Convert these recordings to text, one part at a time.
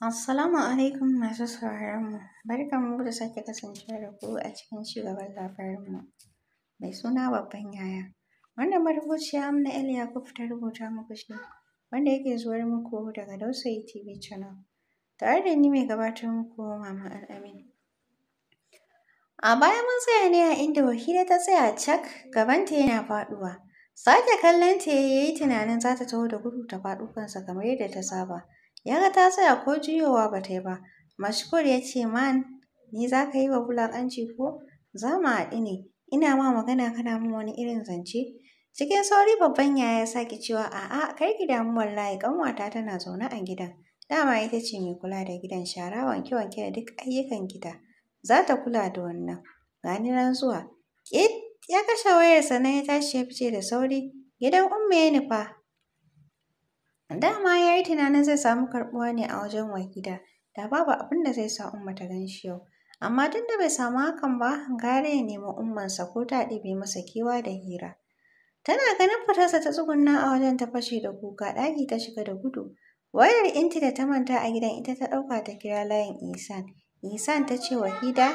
Assalamu alaikum masu barka mu da sake kasancewa da ku a cikin cigaban mu. Mai suna babban yaya. Wannan marubuciya Amna ya Yakub ta rubuta muku shi wanda yake zuwar muku daga Dausayi TV channel. Tare da ni mai gabatar muku Mama Al-Amin. A baya mun tsaya ne a inda Wahida ta tsaya cak gabanta yana faɗuwa. Sake kallon ta yayi tunanin za ta taho da gudu ta faɗo kansa kamar yadda ta saba. Ya ga ta tsaya ko juyowa ba ta yi ba. Mashkur ya ce man ni za ka yi wa wulaƙanci ko? Za mu haɗu ne. Ina ma magana kana min wani irin zance. Cikin sauri babban yaya ya sake cewa a'a kai ki damu wallahi ƙanwata tana zaune a gidan. Dama ita ce mai kula da gidan shara wanke-wanke da duk ayyukan gida. Za ta kula da wannan. Gani nan zuwa. Ƙit ya kashe wayarsa na ya tashi ya fice da sauri. Gidan Umma ya nufa Dama ya yi tunanin zai samu karɓuwa ne a wajen Wahida, da babu abin da zai sa Umma ta gan shi yau. Amma tun da bai samu hakan ba, gara ya nemi ummansa ko ta ɗebe masa kewa da hira. Tana ganin fitarsa ta tsugunna a wajen ta fashe da kuka ɗaki ta shiga da gudu. Wayar inti da ta manta a gidan ita ta ɗauka ta kira layin Isan. Isan ta ce wa Hida,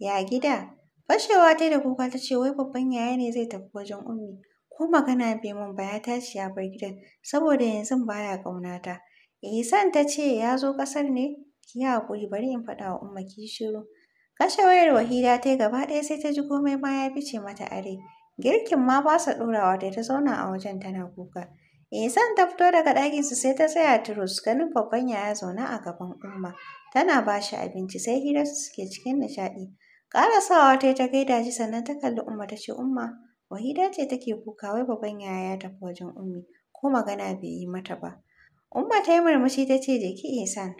ya gida. Fashewa ta da kuka ta ce wai babban yaya ne zai tafi wajen ummi. ko magana bai mun ba ya tashi ya bar gidan saboda yanzu baya ƙaunata. isan ta ce ya zo ƙasar ne? Ki yi haƙuri bari in faɗa wa Umma ki shiru. Kashe wayar Wahida ta yi gaba ɗaya sai ta ji komai ma ya fice mata are. Girkin ma ba sa ɗorawa da ta zauna a wajen tana kuka. isan ta fito daga ɗakin su sai ta tsaya turus ganin babban yaya zauna a gaban Umma. Tana ba shi abinci sai su suke cikin nishaɗi. Ƙarasawa ta yi ta gaida shi sannan ta kalli Umma ta ce Umma Wahida ce take kuka wai baban yaya ya tafi wajen Ummi ko magana bai yi mata ba. Umma ta yi murmushi ta ce ki Ihsan.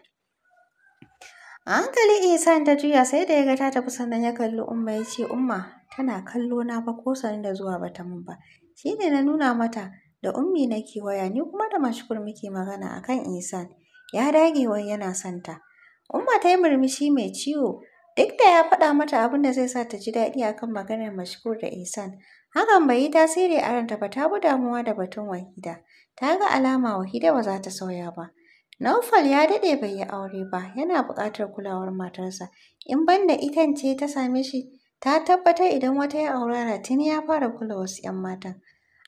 A hankali Ihsan ta juya sai da ya ga ta tafi sannan ya kalli Umma ya ce Umma tana kallo na ba ko sanin da zuwa bata mun ba. Shi ne na nuna mata da Ummi nake waya ni kuma da Mashkur muke magana akan Ihsan. Ya dage wai yana son ta. Umma ta yi murmushi mai ciwo duk da ya faɗa mata abin da zai sa ta ji daɗi akan maganar Mashkur da Ihsan Hakan bai yi tasiri a ranta ba ta bi damuwa da batun Wahida. Ta ga alama Wahida ba za ta sauya ba. Naufal ya daɗe bai yi aure ba, yana buƙatar kulawar matarsa. In banda itan ce ta same shi, ta tabbatar idan wata ya aurara tuni ya fara kula wasu 'yan matan.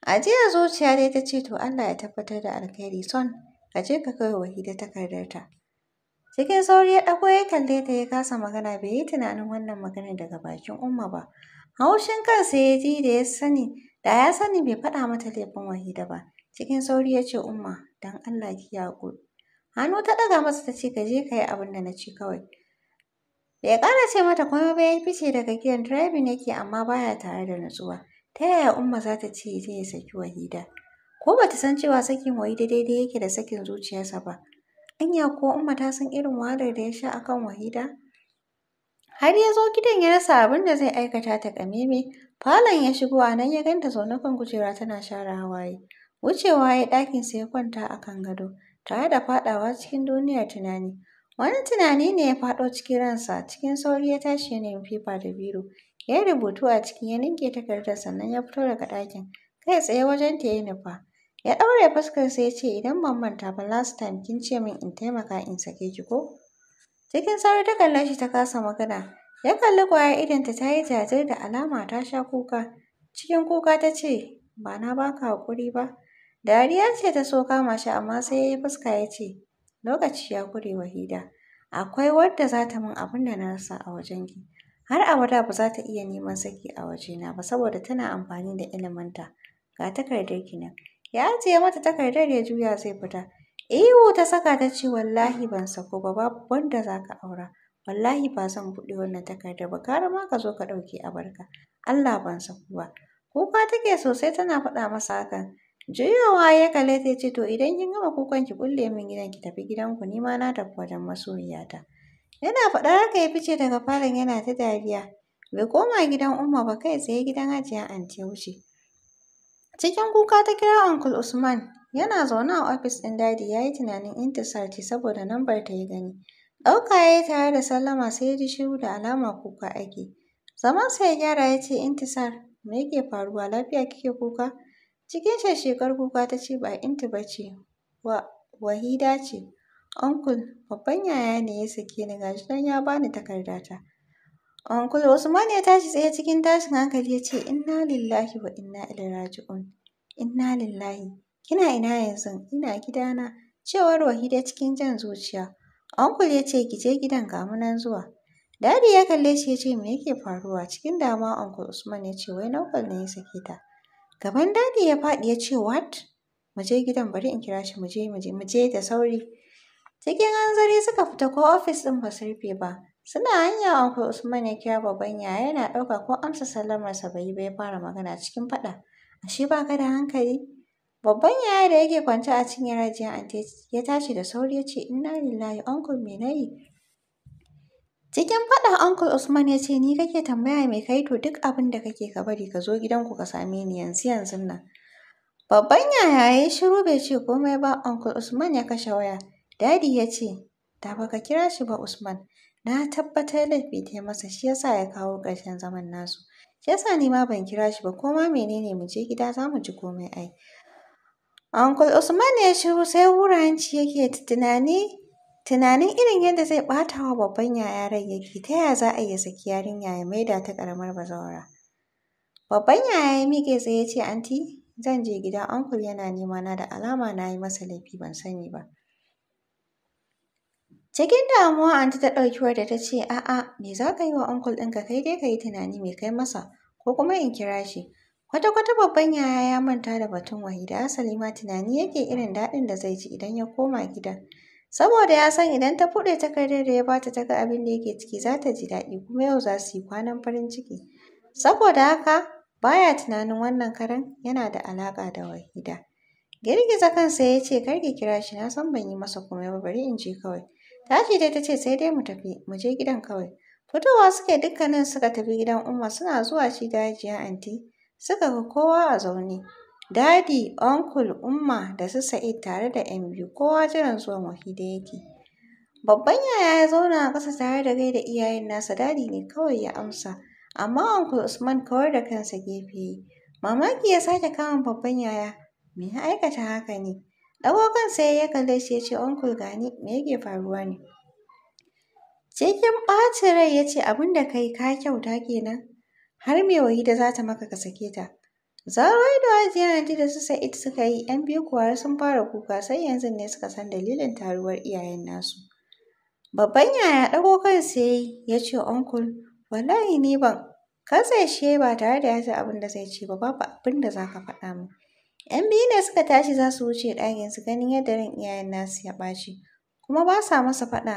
A jiya zuciya dai ta ce to Allah ya tabbatar da alkhairi son ka je ka kai Wahida takardarta. Cikin sauri ya ɗago ya kalle ta ya kasa magana bai yi tunanin wannan maganar daga bakin Umma ba. Haushin kansa ya ji da ya sani da ya sani bai faɗa mata laifin Wahida ba. Cikin sauri ya ce Umma don Allah ki haƙuri. Hannu ta ɗaga masa ta ce ka je ka yi abin da na ci kawai. Bai ƙara ce mata komai ba ya fice daga gidan direbin yake amma baya tare da nutsuwa. Ta yaya Umma za ta ce je ya saki Wahida? Ko ba ta san cewa sakin Wahida daidai yake da sakin zuciyarsa ba. Anya ko Umma ta san irin wahalar da ya sha akan Wahida? Har ya zo gidan ya rasa abin da zai aikata ta taƙameme. Falon ya shigo a nan ya ganta zaune kan kujera tana share hawaye. Wucewa ya ɗakin sa ya kwanta a kan gado, tare da faɗawa cikin duniyar tunani. Wani tunani ne ya faɗo cikin ransa, cikin sauri ya tashi ya nemi fifa da biro. Ya yi rubutu a ciki ya ninke takardar sannan ya fito daga ɗakin, kai tsaye wajen ta ya nufa. Ya ɗaure fuskarsa ya ce idan ban manta ba last time kin ce min in taimaka in sake ki ko? Cikin sauri ta kalle shi ta kasa magana. Ya kalli ƙwayar idonta ta yi jajir da alama ta sha kuka. Cikin kuka ta ce, ba na baka haƙuri ba. Dariya ce ta so kama shi amma sai ya yi fuska ya ce, lokaci ya ƙure Wahida. Akwai wadda za ta min abin da na rasa a wajen ki Har abada ba za ta iya neman saki a wajena ba saboda tana amfani da iliminta. Ga takardar ki nan. Ya ajiye mata takardar ya juya zai fita. Ewo, ta saka ta ce wallahi ban sako ba babu wanda za ka aura. Wallahi ba zan buɗe wannan takarda ba gara ma ka zo ka ɗauke abarka. Allah ban sako ba. Kuka take sosai tana faɗa masa hakan. Juyawa ya kale ta ce to idan kin gama kukan ki kulle min gidan ki tafi gidanku ni ma na tafi wajen masoyiyata. Yana faɗa haka ya fice daga falon yana ta dariya. Bai koma gidan Umma ba kai tsaye gidan Hajiya Anti wuce. Cikin kuka ta kira Uncle Usman. Yana zaune a ofis ɗin dadi ya yi tunanin intisar ce saboda lambar ta yi gani. Ɗauka ya yi tare da sallama sai ya ji shiru da alama kuka ake. Zaman sa ya gyara ya ce intisar me yake faruwa lafiya kike kuka? Cikin shashshekar kuka ta ce ba inti ba ce wa wahida ce. Uncle babban yaya ne ya sake ni gashi nan ya bani takardata. wasu Usman ya tashi tsaye cikin tashin hankali ya ce inna lillahi wa inna ilaraji un Inna lillahi. Kina ina yanzu? Ina gidana. Cewar Wahida cikin jan zuciya. Uncle ya ce ki je gidan ga nan zuwa. Dadi ya kalle shi ya ce me yake faruwa? Cikin dama Uncle Usman ya ce wai Naufal ne ya sake ta. Gaban dadi ya faɗi ya ce what? Mu je gidan bari in kira shi mu je mu da sauri. Cikin hanzari suka fita ko ofis ɗin ba su rufe ba. Suna hanya Uncle Usman ya kira babban yaya yana ɗauka ko amsa sa bai yi ba fara magana cikin faɗa. Ashe ba ka da hankali? Babban yaya da yake kwance a cikin Hajiya Ante ya tashi da sauri ya ce inna lillahi Uncle me na yi? Cikin faɗa Uncle Usman ya ce ni kake tambaya me kai to duk abin da kake ka bari ka zo ku ka same ni yanzu yanzu nan. Babban yaya ya shiru bai ce komai ba Uncle Usman ya kashe waya. Dadi ya ce da ba ka kira shi ba Usman. Na tabbatar laifi ta yi masa shi yasa ya kawo ƙarshen zaman nasu. Shi yasa ni ma ban kira shi ba ko ma menene mu je gida za mu ji komai ai. Uncle Usman ya shiru sai wuranci yake tunani tunanin irin yadda zai ɓata wa babban yaya rai yake ta yaya za a iya saki yarinya ya maida ta karamar bazawara. Babban yaya ya miƙe tsaye ya ce anti zan je gida uncle yana nema na da alama na yi masa laifi ban sani ba. Cikin damuwa anti ta ɗauki wadda ta ce a'a me za ka yi wa uncle ɗinka kai dai ka yi tunani me kai masa ko kuma in kira shi. Kwata-kwata babban yaya ya manta da batun wahida asali ma tunani yake irin daɗin da zai ji idan ya koma gida. Saboda ya san idan ta buɗe takardar da ya bata ta ga abin da yake ciki za ta ji daɗi kuma yau za su yi kwanan farin ciki. Saboda haka baya tunanin wannan karen yana da alaƙa da wahida. Girgiza kansa ya ce kar ki kira shi na san ban yi masa komai ba bari in je kawai. Tashi dai ta ce sai dai mu tafi, mu je gidan kawai. Fitowa suke dukkanin suka tafi gidan Umma suna zuwa shi dajiya anti. Suka ga kowa a zaune. Dadi, onkul, Umma da su Sa'id tare da ‘yan biyu kowa jiran zuwan da yake. Babban yaya ya zauna a ƙasa tare da gaida iyayen nasa dadi ne kawai ya amsa. Amma onkul Usman kawar da kansa gefe Mamaki ya sake kama babban yaya. Me ya aikata haka ne? Ɗago kansa ya kalle shi ya ce, Uncle gani me yake faruwa ne? Cikin ɓacin rai ya ce, abin da kai ka kyauta kenan, har me da za ta maka ka sake ta. Zaro da Hajiya ji da su Sa'id suka yi, ‘yan biyu kuwa sun fara kuka sai yanzu ne suka san dalilin taruwar iyayen nasu. Babban yaya ɗago kansa ya ya ce, Uncle, wallahi ni ban, kansa ba tare da ya ce abin zai ce ba, babu abinda da za ka faɗa min. ‘Yan biyu ne suka tashi za su wuce ɗaginsu ganin yadda ran iyayen nasu ya ɓaci, kuma ba sa masa faɗa,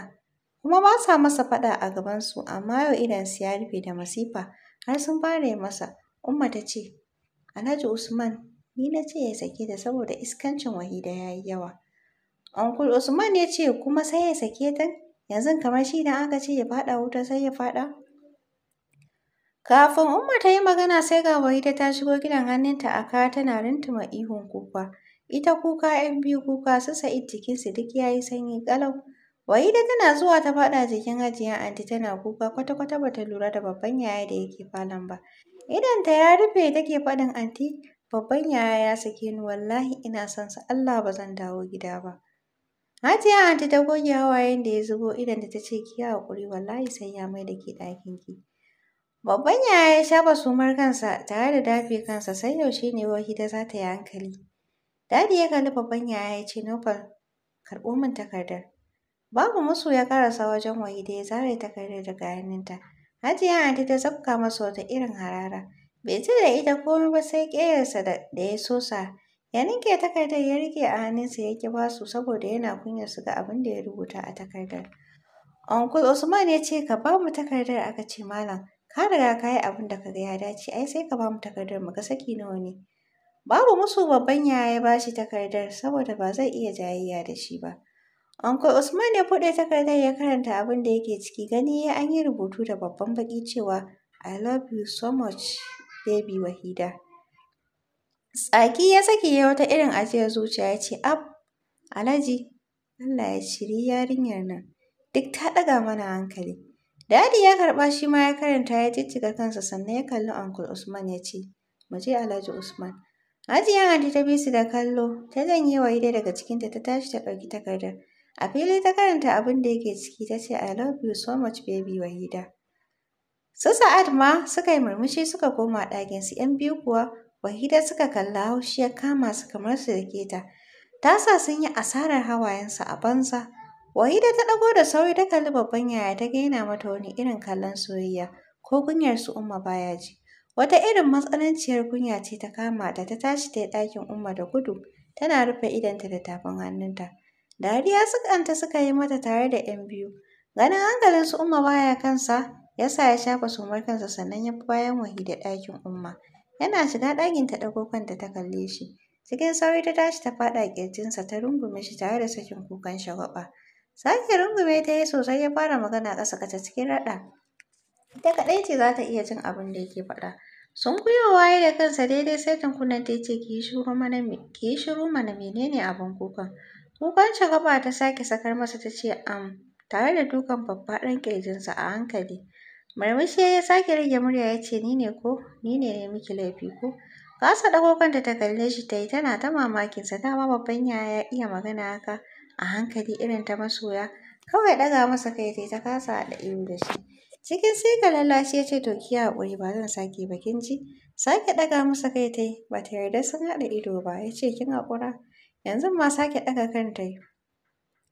kuma ba sa masa faɗa a gabansu, amma yau idonsu ya rufe da masifa har sun fara yi masa. Umma ta ce, Alhaji Usman, ni na ce ya sake ta saboda iskancin wahida ya yi yawa. Uncle Usman ya ce kuma sai ya sake ta, yanzu kamar shi idan aka ce ya faɗa wuta sai ya faɗa. Kafin Umma ta yi magana sai ga Wahida ta shigo gidan hannunta a kaya tana rintuma ihun kuka. Ita kuka ‘yan biyu kuka su Sa'id jikinsu duk ya yi sanyi ƙalau. Wahida tana zuwa ta faɗa jikin hajiya anti tana kuka kwata-kwata ba lura da babban yaya da yake falon ba. Idan ta ya rufe take faɗin anti babban yaya ya sake ni wallahi ina son sa Allah ba zan dawo gida ba. Hajiya anti ta goge hawayen da ya zubo da ta ce ki yi haƙuri wallahi sai ya mai da ke ɗakin ki. Babban yaya ya shafa sumar kansa tare da dafi kansa sai yaushe ne Wahida za ta yi hankali. Dadi ya kalli babban yaya ya ce nufar karɓo min takardar. Babu musu ya karasa wajen Wahida ya zare takardar daga hannunta. Hajiya Adi ta zabka masa wata irin harara. Bai ji da ita komai ba sai ƙeyarsa da ya sosa. Ya ninke takardar ya rike a hannunsa ya ki basu saboda yana kunyar su ga abin da ya rubuta a takardar. Uncle Usman ya ce ka ba mu takardar aka ce malam. ka riga ka yi abin da ka ga ya dace ai sai ka ba mu takardar mu ga saki nawa ne babu musu babban yaya ya bashi takardar saboda ba zai iya jayayya da shi ba Uncle Usman ya buɗe takardar ya karanta abin da yake ciki gani ya an yi rubutu da babban baki cewa I love you so much baby Wahida Tsaki ya saki ya wata irin ajiyar zuciya ya ce ab Alhaji Allah ya shiri yarinyar nan duk ta ɗaga mana hankali Daddy ya karɓa shi ma ya karanta ya jijjiga kansa sannan ya kalli Uncle Usman ya ce, Mu je Alhaji Usman. Hajiya Hanti ta bi su da kallo, ta janye wa ida daga cikinta ta tashi ta ɗauki takardar. A fili ta karanta abin da yake ciki ta ce, I love you so much baby Wahida. Su Sa'ad ma suka yi murmushi suka koma ɗakinsu, ‘yan biyu kuwa Wahida suka kalla haushi ya kama su kamar su da keta. Ta sa sun yi asarar hawayensa a banza. Wahida ta ɗago da sauri ta kalli babban yaya ta gaina mata wani irin kallon soyayya ko kunyar su Umma baya ji. Wata irin matsananciyar kunya ce ta kama da ta tashi ta yi ɗakin Umma da gudu tana rufe idonta da tafin hannunta. Dariya sukanta suka yi mata tare da ‘yan biyu. Ganin hankalin su Umma baya kansa ya sa ya shafa sumar kansa sannan ya bi bayan Wahida ɗakin Umma. Yana shiga ɗakin ta ɗago kanta ta kalle shi. Cikin sauri ta tashi ta faɗa ƙirjinsa ta rungume shi tare da sakin kukan shagwaɓa. Sake rungume ta yi sosai ya fara magana ƙasa kata cikin raɗa. Ita kaɗai ce za ta iya jin abin da yake faɗa. Sun kuyo waye da kansa daidai sai tunkunan ta ce ki yi shiru mana ki yi shiru menene abin kukan. Kukan gaba ta sake sakar masa ta ce am tare da dukan faffaɗan ƙirjinsa a hankali. Murmushi ya sake rage murya ya ce ni ne ko ni ne ne miki laifi ko. Kasa ɗago kanta ta kalle shi ta yi tana ta mamakinsa dama babban yaya ya iya magana haka a hankali irin ta masoya kawai ɗaga masa kai tai ta kasa haɗa ido da shi cikin sai ka lallashi ya ce to ki haƙuri ba zan sake ba kin ji sake ɗaga masa kai tai ba ta yarda sun haɗa ido ba ya ce kin haƙura yanzu ma sake ɗaga kan tai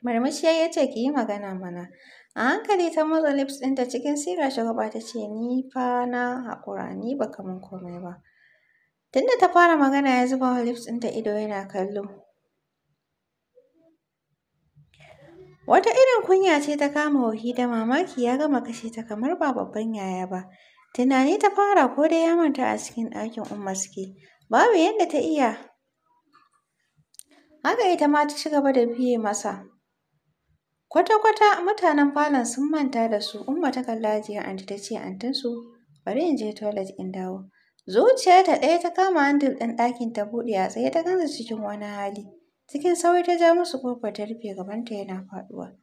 murmushi ya ce ki yi magana mana a hankali ta motsa lips ɗinta cikin sira shagaba ta ce ni fa na haƙura ni ba kaman komai ba tunda ta fara magana ya zuba wa lips ɗinta ido yana kallo Wata irin kunya ce ta kama da mamaki ya gama kashe ta kamar ba babban yaya ba. Tunani ta fara ko dai ya manta a cikin ɗakin Umma suke. Babu yadda ta iya. Haka ita ma ta ci gaba da fiye masa. Kwata-kwata mutanen falon sun manta da su Umma ta kalla jiya anti ta ce antinsu bari in je toilet in dawo. Zuciyarta ɗaya ta kama handle ɗin ɗakin ta buɗe a tsaye ta gansa cikin wani hali. Cikin sauri ta ja musu ƙofar ta rufe gabanta yana faɗuwa.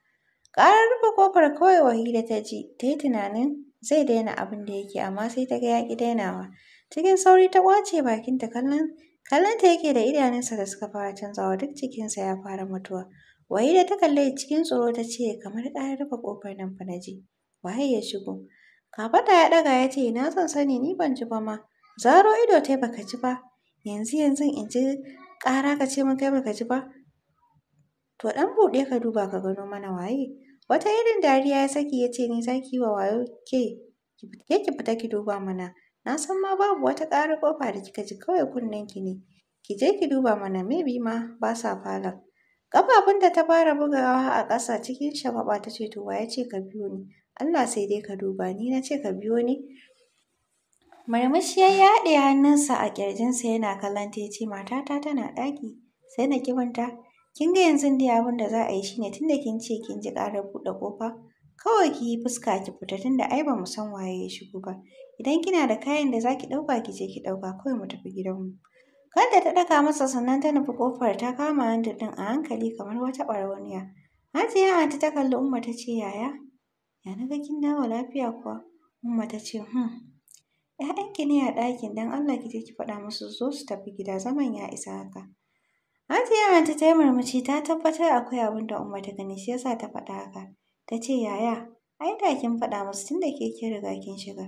Ƙarar rufe ƙofar kawai Wahida ta ji, ta yi tunanin zai daina abin da yake amma sai ta ga ya ƙi dainawa. Cikin sauri ta ƙwace bakinta kallon kallonta yake da idanunsa da suka fara canzawa duk cikinsa ya fara mutuwa. Wahida ta kalle cikin tsoro ta ce kamar ƙarar rufe ƙofar nan fa na ji. Waye ya shigo? Kafaɗa ya ɗaga ya ce na son sani ni ban ji ba ma. Zaro ido tai baka ji ba. Yanzu yanzu in ji ƙara ka ce mun kai baka ji ba to ɗan buɗe ka duba ka gano mana waye wata irin dariya ya saki ya ce ni za ki yi wa wayo ke ke ki fita ki duba mana na san ma babu wata ƙara ƙofa da kika ji kawai kunnen ki ne ki je ki duba mana me bi ma ba sa falon ƙafafun da ta fara bugawa a ƙasa cikin shababa ta ce to ya ce ka biyo ni Allah sai dai ka duba ni na ce ka biyo ni Marmashi ya yaɗe hannunsa a ƙirjinsa yana kallon tece ce, Matata tana ɗaki, sai na ki Kin ga yanzu dai abin da za a yi shine tunda kin ce kin ji ƙarar buɗe ƙofa, kawai ki yi fuska ki fita tunda ai ba mu san waye ya shigo ba. Idan kina da kayan da za ki ɗauka ki je ki ɗauka kawai mu tafi gidanmu. Kanta ta ɗaga masa sannan ta nufi ƙofar ta kama hanta ɗin a hankali kamar wata ɓarauniya. ya hanta ta kalli Umma ta ce, Yaya, ya na ga kin dawo lafiya kuwa? Umma ta ce, Hmm. ‘Ya'yanki ne a ɗakin don Allah ki je ki faɗa musu su zo su tafi gida zaman ya isa haka. Ajiye Anti ta yi murmushi ta tabbatar akwai abin da Umma ta gani shi yasa ta faɗa haka. Ta ce yaya ai da kin faɗa musu tun da ke kin riga kin shiga.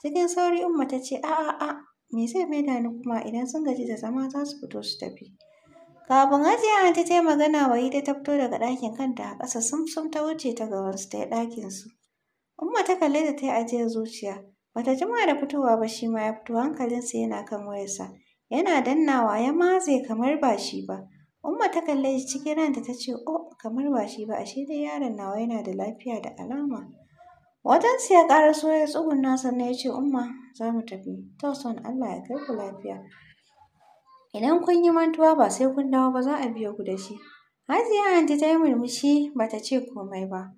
Cikin sauri Umma ta ce a'a a me zai maida ni kuma idan sun gaji da zama za su fito su tafi. Kafin Hajiya Anti ta yi magana wa ta fito daga ɗakin kanta a ƙasa sumsum ta wuce ta ga gabansu ta yi ɗakinsu. Umma ta kalli da ta yi ajiyar zuciya. Bata jima da fitowa ba shi ma ya fito hankalinsa yana kan wayarsa. Yana dannawa ya matse kamar ba shi ba. Umma ta kalle shi cikin ranta ta ce oh kamar ba shi ba ashe dai yaron nawa yana da lafiya da alama. Wajen ya ƙara so ya nasa sannan ya ce umma za mu tafi. To son Allah ya kai ku lafiya. Idan kun yi mantuwa ba sai kun dawo ba za a biyo ku da shi. Hajiya anti ta yi murmushi ba ta ce komai ba.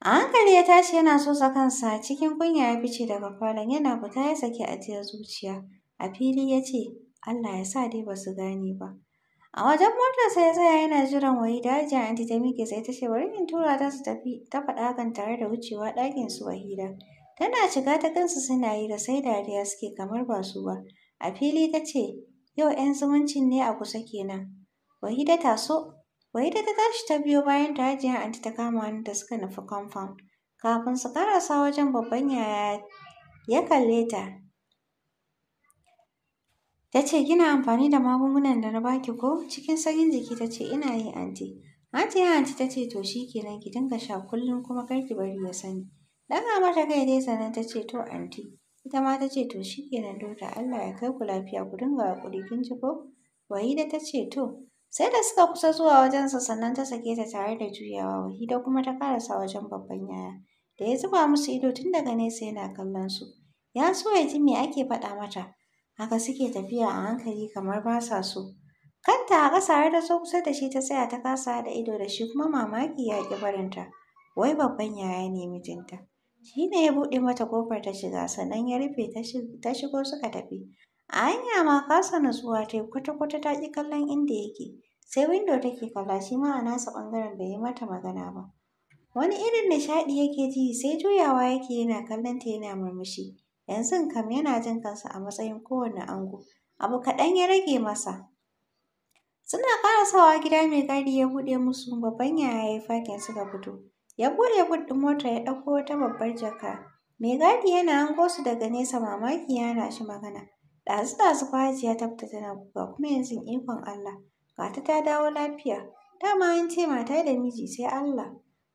A hankali ya tashi yana sosa kansa cikin kunya ya fice daga falon yana fita ya saki ajiyar zuciya. A fili ya ce, Allah ya sa dai ba su gane ba. A wajen motarsa ya tsaya yana jiran da Hajiya anti ta miƙe sai ta ce bari in tura ta su tafi ta faɗa kan tare da wucewa ɗakin su Wahida. Tana shiga ta kansu suna yi da sai dariya suke kamar ba su ba. A fili ta ce, yau 'yan zumuncin ne a kusa kenan. Wahida so. Wai da ta tashi ta biyo bayan ta hajiya anti ta kama wani da suka nufi compound. Kafin su karasa wajen babban yaya ya kalle ta. Ta ce kina amfani da magungunan da na baki ko? Cikin sanyin jiki ta ce ina yi anti. Hajiya anti ta ce to shi kenan ki dinga sha kullum kuma kar ki bari ya sani. Daga mata kai dai sannan ta ce to anti. Ita ma ta ce to shi kenan dota Allah ya kai ku lafiya ku dinga haƙuri kin ji ko? Wahida ta ce to Sai da suka kusa zuwa wajensa sannan ta sake ta tare da juyawa da kuma ta karasa wajen babban yaya. Da ya zuba musu ido tun daga nesa yana kallon su. Ya so ya ji me ake faɗa mata. Haka suke tafiya a hankali kamar ba sa so. Kanta a ƙasa har da so kusa da shi ta tsaya ta kasa da ido da shi kuma mamaki ya ƙi barinta. Wai babban yaya ne mijinta. Shi ne ya buɗe mata ƙofar ta shiga sannan ya rufe ta shigo suka tafi. A hanya ma kasa nutsuwa ta yi kwata-kwata ta ki kallon inda yake, sai windo take kalla shi ma nasa ɓangaren bai yi mata magana ba. Wani irin nishaɗi yake ji sai juyawa yake yana kallon ta yana murmushi. Yanzu kam yana jin kansa a matsayin kowane ango, abu kaɗan ya rage masa. Suna sawa gida mai gadi ya buɗe musu babban yaya ya yi fakin suka fito. Ya buɗe bud mota ya ɗauko wata babbar jaka. Mai gadi yana hango su daga nesa mamaki ya nashi shi magana. Ɗazu ɗazu fa Hajiya ya fita tana kuka kuma yanzu ikon Allah ga ta dawo lafiya. Dama an ce mata da miji sai Allah.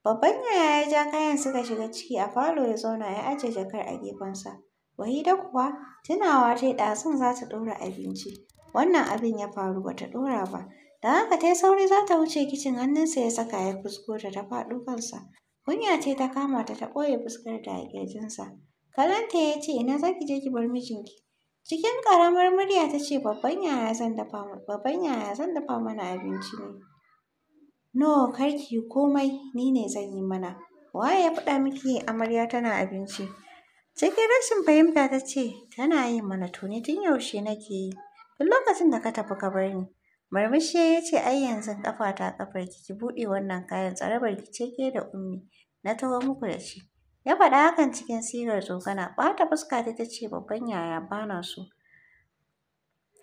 Babban yaya ya ja kayan suka shiga ciki a falo ya zauna ya ajiye jakar a gefensa. Wahida kuwa tunawa ta ɗazun za ta ɗora abinci. Wannan abin ya faru ba ta ɗora ba. Da haka ta sauri za ta wuce kicin hannunsa ya saka ya kusko ta ta faɗo kansa. Kunya ce ta kama ta ta ɓoye fuskar da a ƙirjinsa. Kalanta ya ce ina za ki je ki bar mijinki. Cikin ƙaramar murya ta ce babban yaya zan dafa mana abinci ne. No kar ki komai ni ne zan yi mana. Waye ya faɗa miki amarya tana abinci? Cikin rashin fahimta ta ce tana yi mana to ni tun yaushe nake yi. Tun lokacin da ka tafi ka bar ni. Murmushi ya ce ai yanzu ƙafa ta ƙafarki ki buɗe wannan kayan tsarabar ki ce ke da ummi na taho muku da shi. Ya faɗa hakan cikin sirar tsokana, ɓata fuska ta ta ce babban yaya bana so.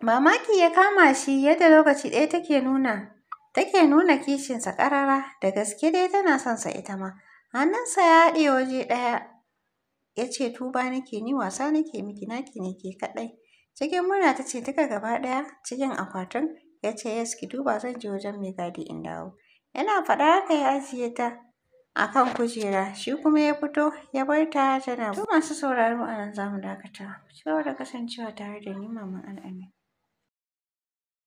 Mamaki ya kama shi yadda lokaci ɗaya take nuna take nuna kishinsa ƙarara da gaske dai tana son sa ita ma. Hannunsa ya haɗe waje ɗaya ya ce tuba nake ni wasa nake miki naki ne ke kaɗai. Cikin murna ta ce duka gaba ɗaya cikin akwatin ya ce yes ki duba zan je wajen mai gadi in dawo. Yana faɗa haka ya ajiye ta. a kan kujera shi kuma ya fito ya bar ta tana masu sauraro a nan zamu dakata cewa da kasancewa tare da ni maman al'amin